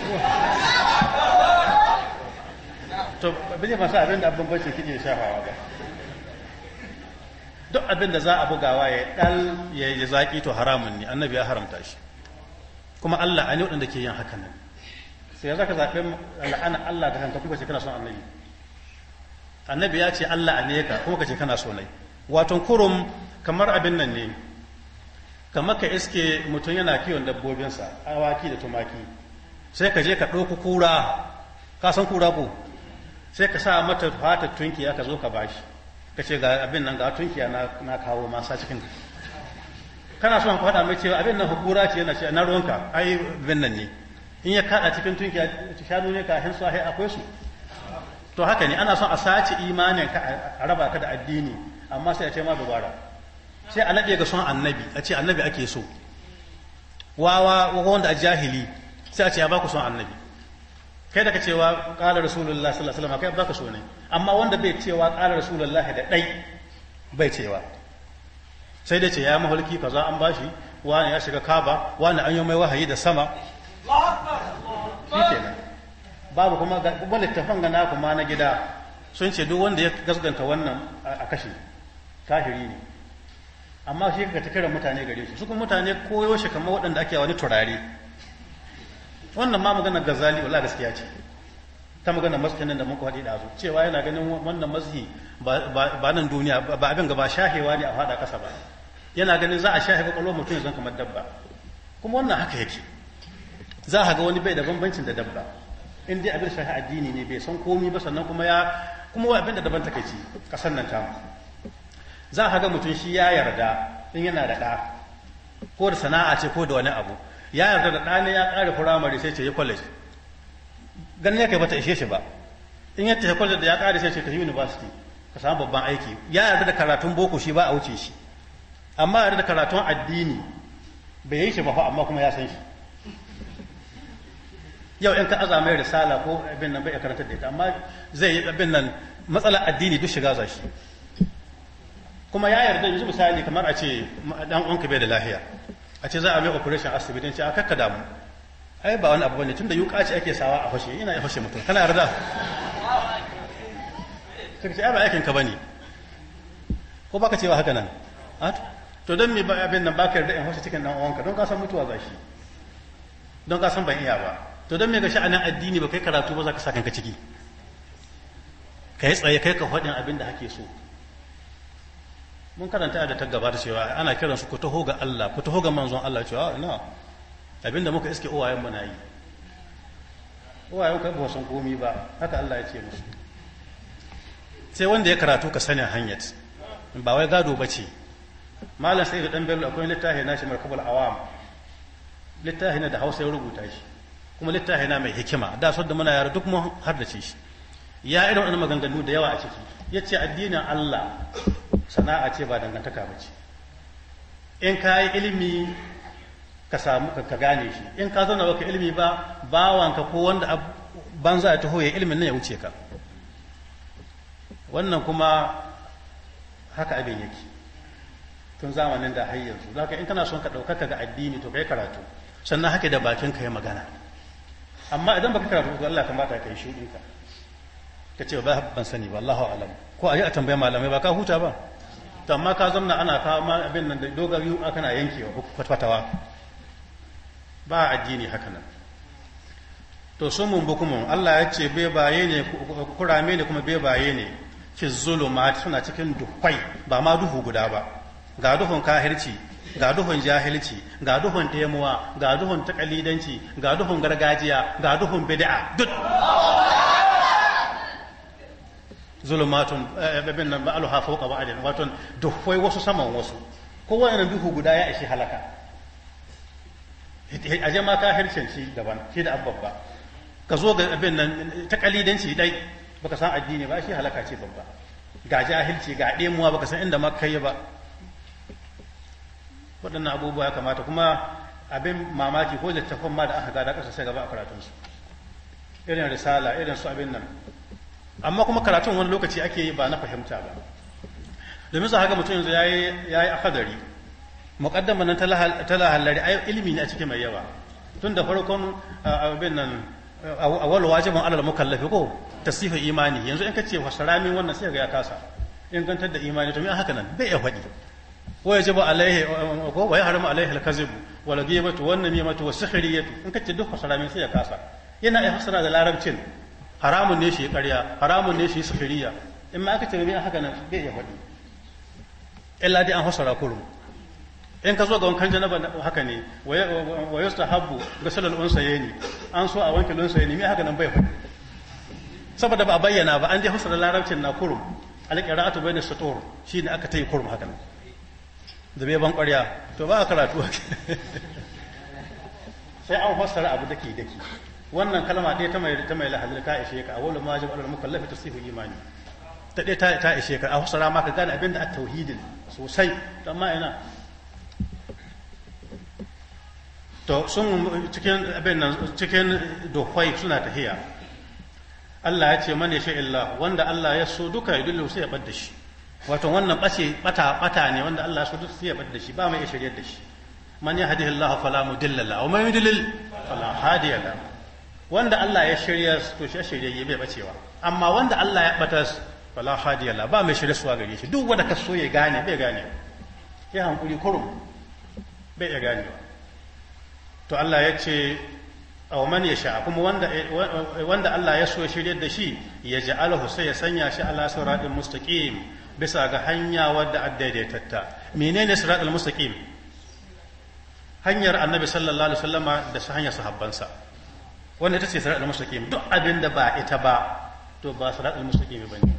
A: to bai masu abin da abin bacin kiɗi shafawa ba duk abin da za a bugawa ya dal, ya yi zaƙi to haramun ne annabi ya haramta shi kuma Allah an yi waɗanda ke yin haka nan sai ya zaka ka la'ana Allah ta kanta kuka ce kana son annabi annabi ya ce Allah a neka kuma ka ce kana sonai wato kurum kamar abin nan ne kamar ka iske mutum yana kiwon dabbobinsa awaki da tumaki sai ka je ka ɗauko kura ka san kura ko sai ka sa mata fatar tunkiya ka zo ka bashi ka ce ga abin nan ga tunkiya na kawo masa cikin kana son faɗa mai cewa abin nan hukura ce yana ce na ruwanka ai bin nan ne in ya kada cikin tunkiya shanu ne ka hin su akwai su to haka ne ana son a sace imanin ka a raba ka da addini amma sai a ce ma dubara sai a naɗe ga son annabi a ce annabi ake so wawa wanda a jahili sai a ce ya baku son annabi kai da ka cewa kala rasulullah sallallahu alaihi wasallam kai baka so ne amma wanda bai cewa kala rasulullah da ɗai bai cewa sai dai ce ya mahalki kaza an bashi wani ya shiga kaba wani an yi mai wahayi da sama
B: Allahu
A: Akbar babu kuma ga littafan ga naku ma na gida sun ce duk wanda ya gasganta wannan a kashe kafiri ne amma shi ka ta kira mutane gare shi su kuma mutane koyo shi kamar waɗanda ake wani turare wannan ma magana gazali wala gaskiya ce ta magana maskinin da muka haɗi ɗazu cewa yana ganin wannan masjid ba nan duniya ba abin ga ba shahewa ne a faɗa ƙasa ba yana ganin za a shahe ƙwaƙwalwar mutum ya zan kamar dabba kuma wannan haka yake za a ga wani bai da bambancin da dabba in dai abin shafi addini ne bai san komi ba sannan kuma ya kuma wa abin da daban takaici kasan nan ta za ka ga mutum shi ya yarda in yana da ɗa ko da sana'a ce ko da wani abu ya yarda da ɗa ne ya ƙara firamare sai ce yi college ganin ya kai bata ishe shi ba in ya tafi college da ya ƙare sai ce ta university ka samu babban aiki ya yarda da karatun boko shi ba a wuce shi amma yarda da karatun addini bai yi shi ba fa amma kuma ya san shi yau in ka aza mai risala ko abin nan bai karanta da ita amma zai yi abin nan matsala addini duk shiga za shi kuma ya yarda yanzu misali kamar a ce dan uwanka bai da lafiya a ce za a mai operation asibiti ce a kakka damu ai ba wani abu bane tunda yuka ce ake sawa a fashe ina ya fashe mutum kana yarda kake ce ai ba aikin ka bane ko baka cewa haka nan to don me abin nan baka yarda in fashe cikin dan uwanka don ka san mutuwa za shi don ka san ban iya ba to don me ga sha'anin addini ba kai karatu ba za ka sa kanka ciki ka yi tsaye kai ka faɗin abin da ake so mun karanta da ta gabata cewa ana kiransu ku taho ga Allah ku taho ga manzon Allah cewa ah, na abin da muka iske uwayen mu na yi uwayen ka ba san komi ba haka Allah ya ce musu sai wanda ya karatu ka sani hanyar ba wai gado ba ce malam sai da dan bello akwai littafi na shi markabul awam littafi na da hausa ya rubuta shi kuma littafi na mai hikima da da muna yara duk mun haddace shi ya irin wani maganganu da yawa a ciki yace addinin Allah sana'a ce ba dangantaka ba ce in ka yi ilimi ka samu ka gane shi in ka zauna baka ilimi ba bawanka ko wanda banza ya taho ya ilimin nan ya wuce ka wannan kuma haka abin yake tun zamanin da har yanzu zaka in kana son ka ɗaukaka ga addini to kai karatu sannan haka da bakin ka ya magana amma idan baka karatu to Allah kamata ka yi shuɗi ka ka ce ba ban sani ba Allahu alam ko a yi a tambayi malamai ba ka huta ba to amma ka zamna ana kawo ma abin nan da a kana yankewa kwatfatawa ba addini haka nan to sun mun mun Allah ya ce bai baye ne kurame ne kuma bai baye ne fi zulumat suna cikin dukwai ba ma duhu guda ba ga duhun kahirci ga duhun jahilci ga duhun ɗemuwa ga duhun takalidanci ga duhun gargajiya ga duhun bid'a duk zulumatun babin eh, nan ba aluha fauka ba adin wato duhwai wasu saman wasu kowa yana duhu guda ya ishi halaka a jama'a ka kahircin shi daban shi da abubba ka zo ga abin nan takalidanci dai baka san addini ba shi halaka ce babba ga jahilci ga ɗemuwa baka san inda ma kai ba waɗannan abubuwa ya kamata kuma abin mamaki ko littafan ma da aka gada ƙasa sai gaba a karatunsu irin risala irin su abin nan amma kuma karatun wani lokaci ake yi ba na fahimta ba domin su haka mutum yanzu ya yi akadari muƙaddama nan ta lahallari ai ilimi ne a cikin mai yawa tun da farkon abin nan a awal wajibin alal mukallafi ko tasifa imani yanzu in ka ce wasu ramin wannan sai ga ya kasa ingantar da imani to me haka nan bai ya faɗi wa yajibu alaihi ko wa yahramu alaihi al-kazibu wal ghibatu wan namimatu was sihriyatu in kace duk hasaramin sai ya kasa yana ai hasara da larabcin haramun ne shi ƙarya haramun ne shi sihiriya in ma aka ce mai haka nan bai ya faɗi illa dai an hasara kurum in ka zo ga wankan janaba haka ne wa yustahabbu ghusl al-unsayni an so a wanke al-unsayni mai haka nan bai faɗi saboda ba a bayyana ba an je hasara larabcin na kurum al-qira'atu bayna sutur shine aka tayi kurum haka nan da ban ƙwarya to ba a karatu sai an fassara abu da ke wannan kalma ɗaya ta mai ta mai lahadil ka ishe ka awwalu ma jabal ta tasihu imani ta ɗaya ta ishe ka a fassara ma ka gane da a tauhidin sosai to amma ina to sun cikin abin nan cikin dokwai suna tahiya Allah ya ce man shi illa wanda Allah ya so duka ya dillu sai ya bar da shi wato wannan ɓace ɓata ɓata ne wanda Allah su duk ya bada shi ba mai shiryar da shi man yahdihillahu fala mudilla lahu wa man yudlil fala hadiya lahu wanda Allah ya shirya to shi yi bai bacewa amma wanda Allah ya bata fala hadiya lahu ba mai shirya suwa gare shi duk wanda ka so ya gane bai gane ya hankuri kurum bai ya gane to Allah ya ce aw man yasha kuma wanda wanda Allah ya so shiryar da shi ya ja'alahu sai ya sanya shi ala siratin mustaqim bisa ga hanya wadda addaidaitatta menene siratul mustaqim hanyar annabi sallallahu alaihi wasallama da su hanyar sahabbansa wanda ita ce siratul mustaqim duk abin da ba ita ba to ba siratul mustaqim bane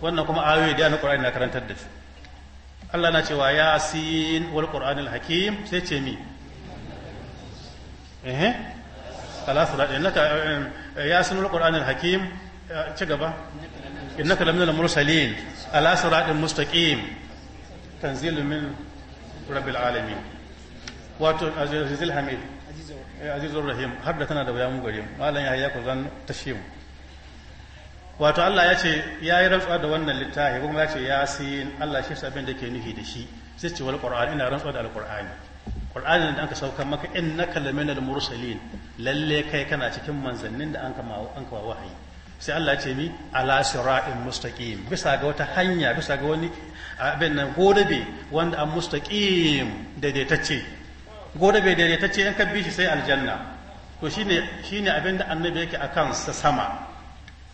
A: wannan kuma ayoyi da alqur'ani na karantar da su Allah na cewa yasin wal qur'anil hakim sai ce mi eh kala siratul laka yasin wal hakim eh, ci gaba innaka laminal mursalin ala siratin mustaqim tanzilun wato azizul hamid azizul rahim Allah ya ce ya yi rantsuwa da wannan littafi kuma ya ce ya sin Allah shi sabin da ke nufi da shi sai ce wal qur'an ina rantsuwa da alqur'ani qur'ani da anka sauka maka innaka laminal mursalin lalle kai kana cikin manzannin da an kama an wahayi sai Allah ce mi ala sira'in mustaqim bisa ga wata hanya bisa ga wani abin nan godabe wanda an mustaqim daidaitacce godabe daidaitacce in ka bi shi sai aljanna to shine shine abin da annabi yake akan sa sama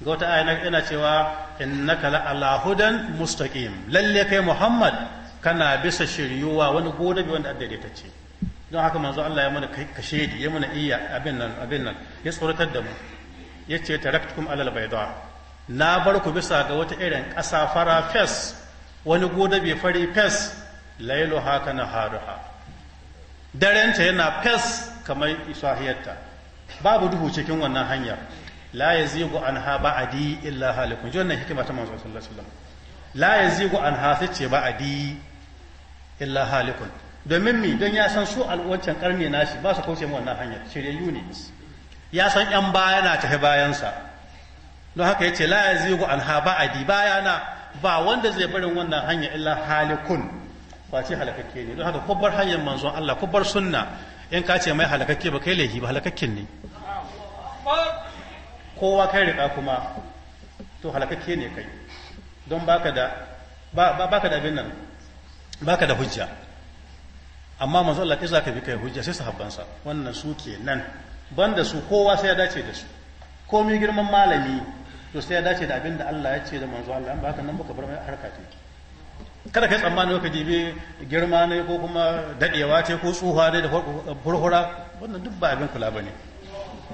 A: ga wata aya yana cewa innaka la ala hudan mustaqim lalle kai Muhammad kana bisa shiryuwa wani godabe wanda daidaitacce don haka manzo Allah ya mana kashedi ya mana iya abin nan abin nan ya tsoratar da mu Ya ce taraktukum alal bayda na bar ku bisa ga wata irin ƙasa fara fes wani goda bai fari fes lailu haka na haruha darenta yana fes kamar isahiyarta babu duhu cikin wannan hanyar la yazigu anha ba'adi illa halikun ji wannan hikima ta manzo sallallahu alaihi wasallam la yazigu anha sai ce ba'adi illa halikun domin mi don ya san su al'uwancan karni nashi ba su kauce mu wannan hanyar shiryayyu ne ya san yan baya na tafi bayansa don haka ya ce la zigo an ha baya bayana ba wanda zai barin wannan hanya illa halikun ba ce halakakke ne don haka kubbar hanyar manzon Allah kubbar sunna in ka ce mai halakakke ba kai laihi ba halakakken ne kowa kai riƙa kuma to halakakke ne kai don baka da baka da abin nan baka da hujja amma manzo Allah za zaka bi kai hujja sai sahabbansa wannan su ke nan ban da su kowa sai ya dace da su komi girman malami to sai ya dace da abin da Allah ya ce da manzo Allah ba haka nan baka bar mai harka ce kada kai tsammani ka dibe girma ne ko kuma dadewa ce ko tsuha ne da hurhura wannan duk ba abin kula bane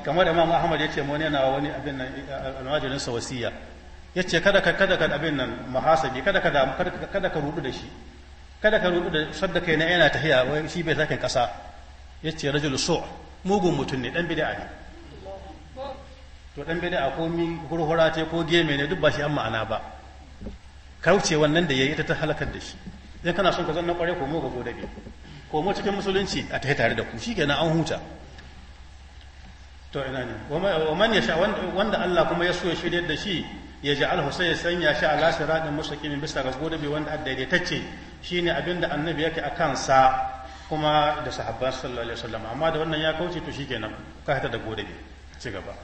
A: kamar Imam Ahmad ya ce mu ne na wani abin nan almajirin sa wasiya ya ce kada ka kada ka abin nan muhasabi kada ka kada ka rudu da shi kada ka rudu da sadda kai na yana tahiya wai shi bai sakin kasa ya ce rajul su' mugun mutum ne dan bid'a ne to dan bid'a ko min hurhura ce ko geme ne duk ba shi an ma'ana ba kauce wannan da yayi ita ta halakar da shi idan kana son ka zanna kware ko mugun ga gobe ko mu cikin musulunci a tafi tare da ku shikenan an huta to ina ne wa man yasha wanda Allah kuma ya so ya shirye da shi ya ji sai ya sanya shi lasirar da mustaqimin bisa ga gobe wanda adda daidaitacce shine abinda annabi yake a sa kuma da sahabban sallallahu alaihi wasallam amma da wannan ya kauce to shikenan ka hata da godabi ci gaba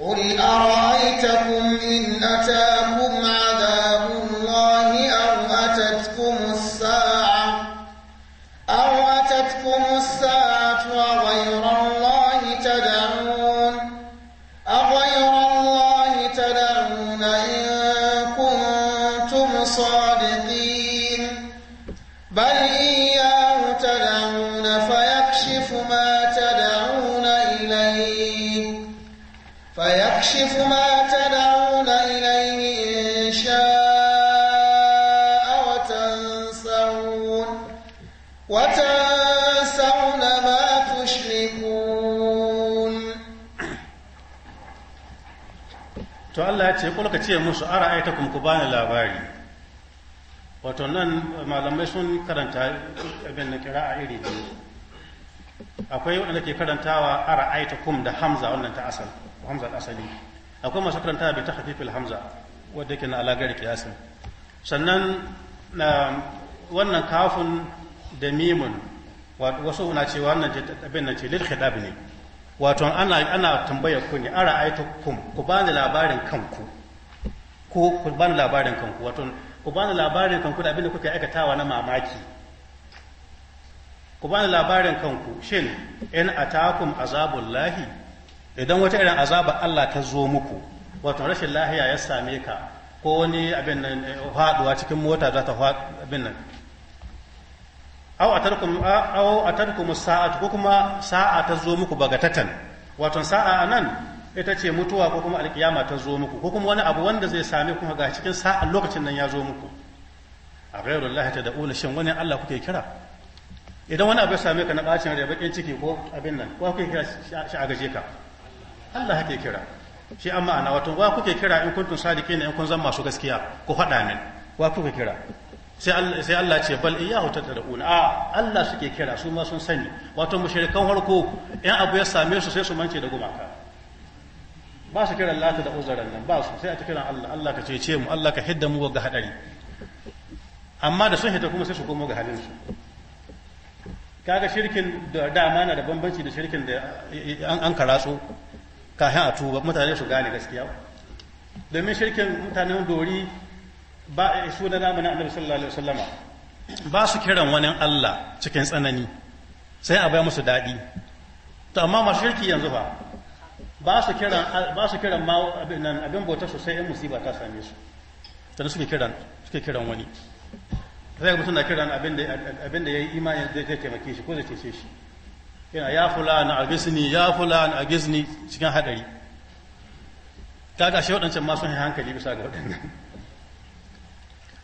A: قل أرأيتكم إن
B: أتاكم عذاب
A: ce kul ka ce musu ku bani labari wato nan malamai sun karanta abin na kira'a iri biyu akwai wanda ke karantawa da hamza wannan ta asal hamza asali akwai masu karanta hamza na kiyasin sannan na wannan kafin da mimun wasu na cewa wannan abin ce lil khidab ne wato ana ana tambayar ku ne ara kum ku bani labarin kanku ko ku bani labarin kanku wato ku bani labarin kanku da abin da kuke aikatawa na mamaki ku bani labarin kanku shin in atakum azabullahi idan wata irin azabar Allah ta zo muku wato rashin lahiya ya same ka ko wani abin nan eh, faduwa cikin mota za ta abin nan aw atarkum aw atarkum sa'at ko kuma sa'a ta zo muku bagatatan wato sa'a anan ita ce mutuwa ko kuma alkiyama ta zo muku ko kuma wani abu wanda zai same kuma ga cikin sa'a lokacin nan ya zo muku a ta tad'una shin wani Allah kuke kira idan wani abu ya same ka na bacin rai bakin ciki ko abin nan ko kuke kira shi a gaje ka Allah kake kira shi amma ana wato wa kuke kira in kuntum sadiqina in kun zan masu gaskiya ku fada min wa kuke kira sai Allah ce bal iyahu tad'un a Allah suke kira su ma sun sani wato mushrikan harko in abu ya same su sai su mance da gumaka ba su kiran lata da uzuran nan ba su sai a ta kiran Allah Allah ka cece mu Allah ka hidda mu ga hadari amma da sun hita kuma sai su komo ga halin su kaga shirkin da dama na da bambanci da shirkin da an karatsu kafin a tuba mutane su gane gaskiya domin shirkin mutanen dori ba isu da na annabi sallallahu alaihi wasallama ba su kiran wani Allah cikin tsanani sai a bai musu daɗi to amma masu shirki yanzu fa ba su kiran ba su kiran ma abin bauta sosai in musiba ta same su dan suke kiran suke kiran wani sai mutum na kiran abin da abin da yayi imani zai taimake shi ko zai cece shi yana ya fulana agisni ya fulana agisni cikin hadari kaga shi waɗancan ma sun hankali bisa ga waɗannan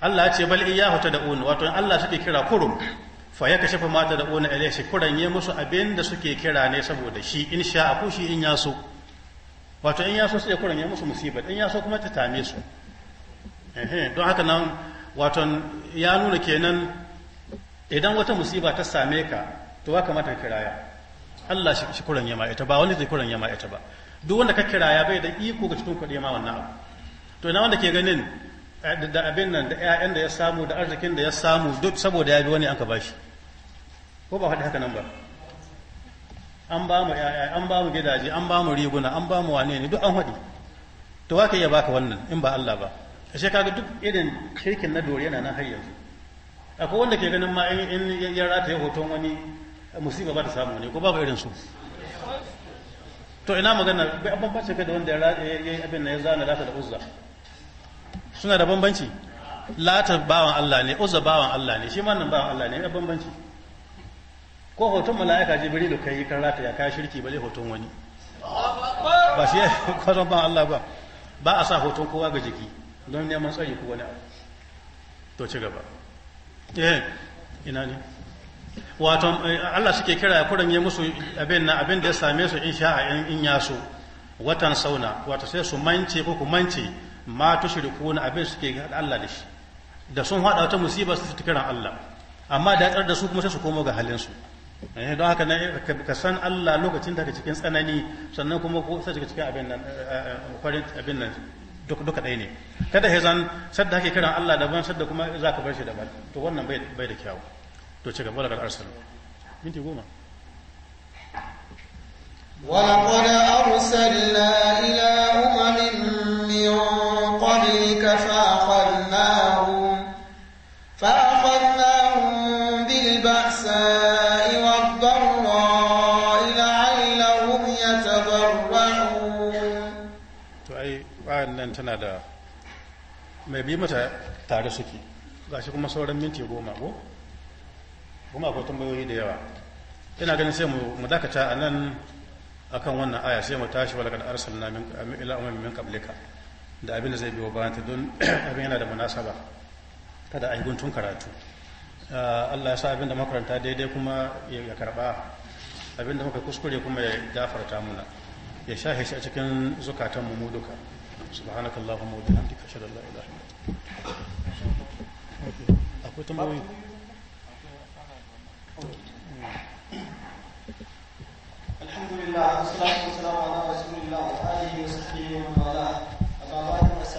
A: Allah ya ce bal iyahu tad'un wato Allah suke kira kurum fa ya kashafa ma tad'un ilayhi shi kuranye musu abin da suke kira ne saboda shi in sha aku shi in ya so wato in ya so kuran kuranye musu musiba in ya so kuma ta tame su don haka nan wato ya nuna kenan idan wata musiba ta same ka to ya kamata ka kiraya Allah shi kuranye ma ita ba wani zai kuranye ma ita ba duk wanda ka kiraya bai da iko ga cikin kuɗi ma wannan abu to ina wanda ke ganin da abin nan da 'ya'yan da ya samu da arzikin da ya samu duk saboda ya bi wani an ka bashi ko ba faɗi haka nan ba an ba mu ƴaƴa an ba mu gidaje an ba mu riguna an ba mu wane ne duk an faɗi to wa ka iya baka wannan in ba Allah ba ashe kaga duk irin kirkin na dore yana nan har yanzu akwai wanda ke ganin ma in ya rata ya hoton wani musiba ba ta samu ne ko babu irin su to ina magana ba ban bace kai da wanda ya abin nan ya zana lata da uzza suna da bambanci lata bawan Allah ne uzza bawan Allah ne shi ma nan bawan Allah ne ya bambanci ko hoton mala'ika jibril kai kan rata ya kai shirki bale hoton wani ba shi [laughs] kwaron bawan Allah ba ba a sa hoton kowa ga jiki don neman tsari ko wani abu to ci gaba eh ina ne wato eh, Allah suke kira kuran ya musu abin na abin da ya same su in sha'a in ya so watan sauna wato sai su mance ko ku mance ma tushrikuna abin suke hada Allah da shi da sun haɗa wata musiba su fita kiran Allah amma da tsar da su kuma sai su komo ga halin su eh, don haka ka san Allah lokacin da ka cikin tsanani sannan kuma ko sai cikin abin nan eh, eh, farin abin nan duka ɗaya ne kada ya zan sadda kake kiran Allah daban sadda kuma za ka bar shi daban to wannan bai da kyau to ci gaba daga arsala minti goma
B: ولقد أرسلنا إلى أمم
A: in tana da mai bi mata tare suke ga shi kuma sauran minti goma ko kuma akwai tambayoyi da yawa yana ganin sai mu dakata a nan akan wannan aya sai mu tashi walakar arsalna min ila umamin min qablika da abin da zai biyo bayan ta don [clears throat] abin yana da munasaba kada a yi guntun karatu ah, Allah ya sa abin da makaranta daidai kuma ya karba abin da muka kuskure kuma ya gafarta muna ya shahe shi a cikin mu mu duka subhanaka allahumma wa bihamdika ashhadu an la ilaha illa anta akwai tambayoyi
C: wa wa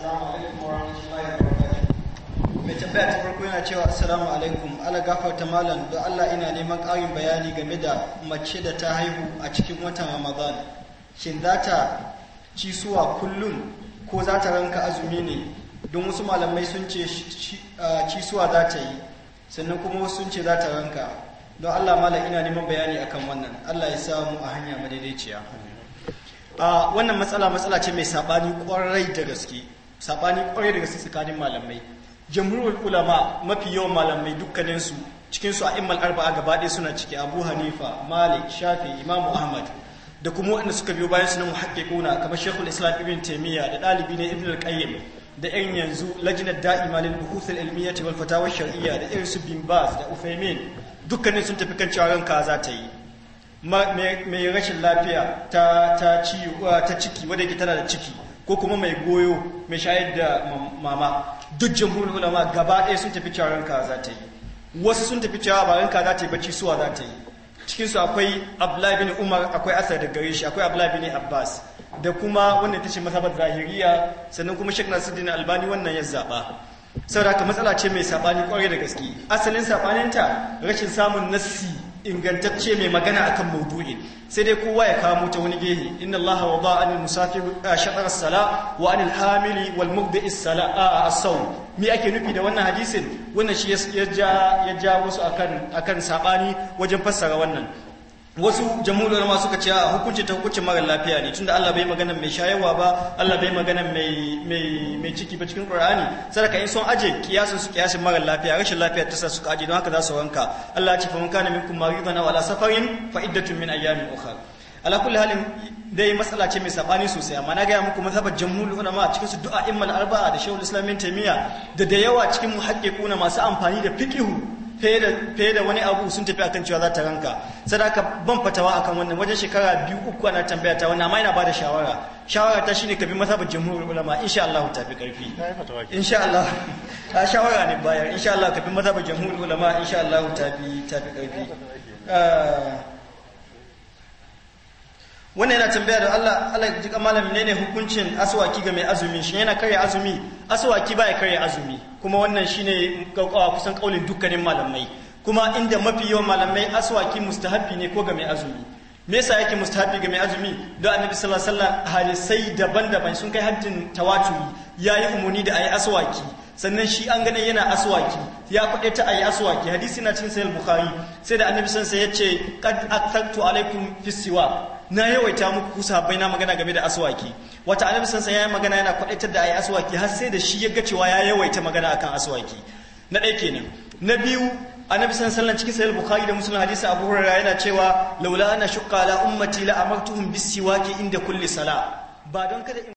C: assalamu alaikum wa rahmatullahi mai tambaya ta farko yana cewa assalamu alaikum ala gafarta malam don Allah ina neman ƙarin bayani game da mace da ta haihu a cikin watan Ramadan shin za ta ci suwa kullum ko za ta ranka azumi ne don wasu malamai sun ce cisuwa za ta yi sannan kuma wasu sun ce za ta ranka don allah mala ina neman bayani akan wannan allah ya samu a hanya madaidaiciya wannan matsala matsala ce mai saɓani ƙwarai da gaske saɓani ƙwarai da gaske tsakanin malamai jamhuriyar ulama mafi yawan malamai dukkaninsu cikinsu a immal arba'a gaba ɗaya suna ciki abu hanifa malik shafi imamu ahmad da kuma waɗanda suka biyo bayan su na muhaƙiƙuna kamar shekul islam ibn taimiyya da ɗalibi na ibn al-qayyim da yan yanzu lajinar da'ima lil buhuth al-ilmiyya wal fatawa shar'iyya da irin su bin baz da ufaymin dukkanin sun tafi kan cewa ranka za ta yi mai rashin lafiya ta ta ciki wanda yake tana da ciki ko kuma mai goyo mai shayar da mama duk jamhurin ulama gaba ɗaya sun tafi cewa ranka za ta yi wasu sun tafi cewa ba ranka za ta yi ci suwa za ta yi cikinsu akwai Abdullah bin Umar akwai asar da gare shi akwai Abdullah bin Abbas da kuma wanda ta ce mazhabar Zahiriya sannan kuma Sheikh Nasiruddin Albani wannan ya zaba saboda matsala ce mai saɓani kwarai da gaske asalin sabaninta rashin samun nassi ingantacce mai magana akan maudu'in sai dai kowa ya kawo ta wani gehe inna allaha wada anil musafir shatar sala wa anil hamili wal mubdi sala a sawm me ake nufi da wannan hadisin wannan shi ya ja wasu akan akan sabani wajen fassara wannan wasu jamhuri ma suka ce a hukunci ta hukuncin mara lafiya ne tunda Allah bai magana mai shayarwa ba Allah bai magana mai mai mai ciki ba cikin Qur'ani sadaka in sun aje kiyasin su kiyasin mara lafiya rashin lafiya ta sa suka aje don haka za su wanka Allah ya ce fa mun kana minkum maridan wala safarin fa iddatun min ayyamin ukhra ala kulli halin dai matsala ce mai sabani sosai amma na gaya muku mazhabar jamhul ulama a cikin su du'a al arba'a da shehul islamin taymiya da da yawa cikin muhaqqiquna masu amfani da fiqhu fiye da wani abu sun tafi akan cewa za ta ranka sadaka ban fatawa akan wannan wajen shekara biyu uku ana tambaya ta wannan amma ina bada shawara shawara ta shine ka bi mazhabin jumhurul ulama insha Allah ta fi karfi insha Allah a shawara ne bayar insha Allah ka bi mazhabin jumhurul ulama insha Allah ta fi ta fi karfi wannan yana tambaya da Allah Allah ya ne ne menene hukuncin aswaki ga mai azumi shin yana karya azumi aswaki baya karya azumi kuma wannan shine gaukawa kusan kaulin dukkanin malamai kuma inda mafi yawan malamai aswaki mustahabi ne ko ga mai azumi me yasa yake mustahabi ga mai azumi don annabi sallallahu alaihi wasallam hadisai daban-daban sun kai haddin tawaturi yayi umuni da ayi aswaki sannan shi an gane yana aswaki ya faɗe ta ayi aswaki hadisi na cikin sayar bukhari sai da annabi sansa ya ce qad aktantu alaikum fi siwa na yawaita muku kusa bai na magana game da aswaki wata annabi sansa ya yi magana yana ta da ayi aswaki har sai da shi ya ga cewa ya yawaita magana akan aswaki na ɗaya kenan na biyu annabi sallallahu sallan cikin sayar bukhari da muslim hadisi abu hurairah yana cewa laula ana shukka la ummati la amartuhum bis inda kulli sala ba don kada